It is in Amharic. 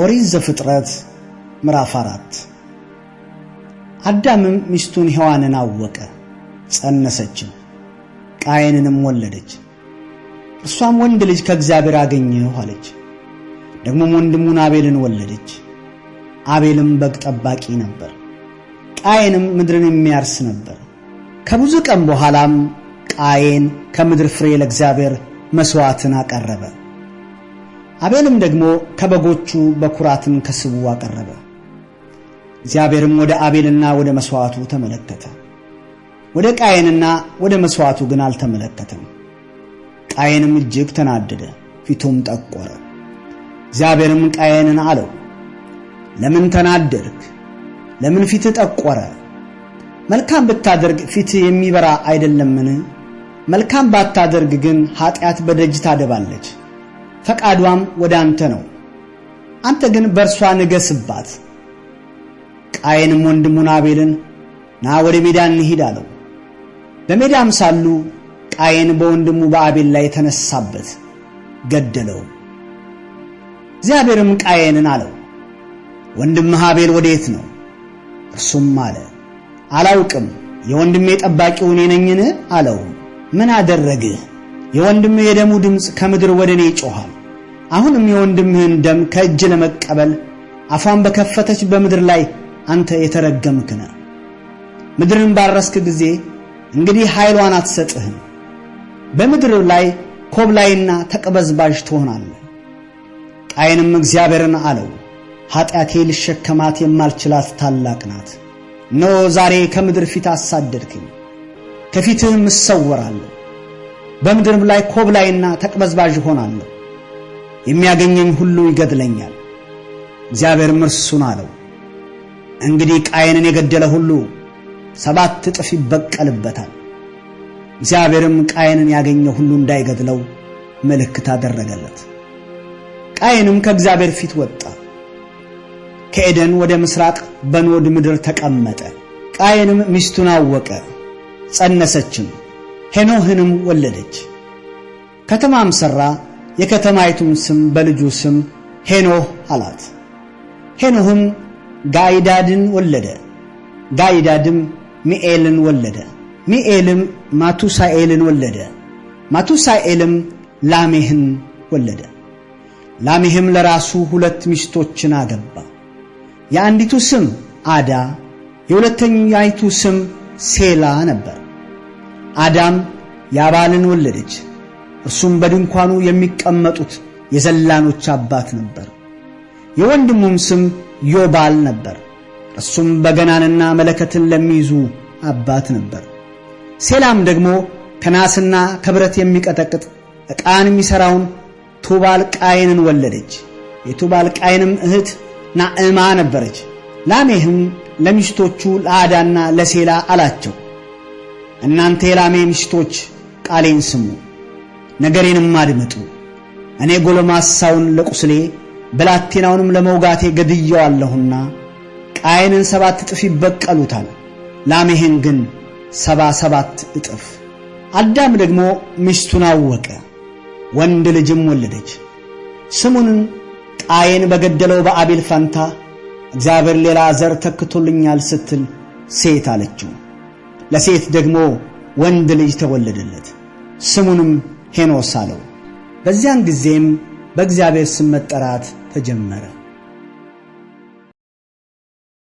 ኦሪት ዘፍጥረት ምዕራፍ አራት አዳምም ሚስቱን ሔዋንን አወቀ፣ ጸነሰችም፣ ቃየንንም ወለደች። እርሷም ወንድ ልጅ ከእግዚአብሔር አገኘሁ አለች። ደግሞም ወንድሙን አቤልን ወለደች። አቤልም በግ ጠባቂ ነበር፣ ቃየንም ምድርን የሚያርስ ነበር። ከብዙ ቀን በኋላም ቃየን ከምድር ፍሬ ለእግዚአብሔር መሥዋዕትን አቀረበ። አቤልም ደግሞ ከበጎቹ በኩራትን ከስቡ አቀረበ። እግዚአብሔርም ወደ አቤልና ወደ መሥዋዕቱ ተመለከተ፣ ወደ ቃየንና ወደ መሥዋዕቱ ግን አልተመለከተም። ቃየንም እጅግ ተናደደ፣ ፊቱም ጠቆረ። እግዚአብሔርም ቃየንን አለው፣ ለምን ተናደድክ? ለምን ፊት ጠቆረ? መልካም ብታደርግ ፊት የሚበራ አይደለምን? መልካም ባታደርግ ግን ኃጢአት በደጅ ታደባለች። ፈቃዷም ወደ አንተ ነው። አንተ ግን በእርሷ ንገስባት። ቃየንም ወንድሙን አቤልን ና ወደ ሜዳ እንሂድ አለው። በሜዳም ሳሉ ቃየን በወንድሙ በአቤል ላይ ተነሳበት፣ ገደለው። እግዚአብሔርም ቃየንን አለው፣ ወንድምህ አቤል ወዴት ነው? እርሱም አለ፣ አላውቅም፣ የወንድሜ ጠባቂው እኔ ነኝን? አለው። ምን አደረግህ? የወንድምህ የደሙ ድምፅ ከምድር ወደ እኔ ይጮኋል። አሁንም የወንድምህን ደም ከእጅ ለመቀበል አፏን በከፈተች በምድር ላይ አንተ የተረገምክ ነህ። ምድርን ባረስክ ጊዜ እንግዲህ ኃይሏን አትሰጥህም። በምድር ላይ ኮብላይና ተቀበዝባዥ ትሆናለህ። ቃየንም እግዚአብሔርን አለው፣ ኃጢአቴ ልሸከማት የማልችላት ታላቅ ናት። እነሆ ዛሬ ከምድር ፊት አሳደድክኝ፣ ከፊትህም እሰወራለሁ በምድርም ላይ ኮብላይና ተቅበዝባዥ ሆናለሁ። የሚያገኘኝ ሁሉ ይገድለኛል። እግዚአብሔርም እርሱን አለው፣ እንግዲህ ቃየንን የገደለ ሁሉ ሰባት እጥፍ ይበቀልበታል። እግዚአብሔርም ቃየንን ያገኘ ሁሉ እንዳይገድለው ምልክት አደረገለት። ቃየንም ከእግዚአብሔር ፊት ወጣ፣ ከኤደን ወደ ምስራቅ በኖድ ምድር ተቀመጠ። ቃየንም ሚስቱን አወቀ፣ ጸነሰችም። ሄኖህንም ወለደች። ከተማም ሠራ፣ የከተማይቱን ስም በልጁ ስም ሄኖህ አላት። ሄኖህም ጋይዳድን ወለደ። ጋይዳድም ሚኤልን ወለደ። ሚኤልም ማቱሳኤልን ወለደ። ማቱሳኤልም ላሜህን ወለደ። ላሜህም ለራሱ ሁለት ሚስቶችን አገባ። የአንዲቱ ስም አዳ፣ የሁለተኛይቱ ስም ሴላ ነበር። አዳም ያባልን ወለደች። እርሱም በድንኳኑ የሚቀመጡት የዘላኖች አባት ነበር። የወንድሙም ስም ዮባል ነበር። እርሱም በገናንና መለከትን ለሚይዙ አባት ነበር። ሴላም ደግሞ ከናስና ከብረት የሚቀጠቅጥ ዕቃን የሚሠራውን ቱባል ቃይንን ወለደች። የቱባል ቃይንም እህት ናዕማ ነበረች። ላሜህም ለሚስቶቹ ለአዳና ለሴላ አላቸው እናንተ የላሜ ሚስቶች ቃሌን ስሙ፣ ነገሬንም አድምጡ። እኔ ጎለማሳውን ለቁስሌ ብላቴናውንም ለመውጋቴ ገድየዋለሁና ቃየንን ሰባት እጥፍ ይበቀሉታል፣ ላሜህን ግን ሰባ ሰባት እጥፍ። አዳም ደግሞ ሚስቱን አወቀ፣ ወንድ ልጅም ወለደች። ስሙንም ቃየን በገደለው በአቤል ፈንታ እግዚአብሔር ሌላ ዘር ተክቶልኛል ስትል ሴት አለችው። ለሴት ደግሞ ወንድ ልጅ ተወለደለት፣ ስሙንም ሄኖስ አለው። በዚያን ጊዜም በእግዚአብሔር ስም መጠራት ተጀመረ።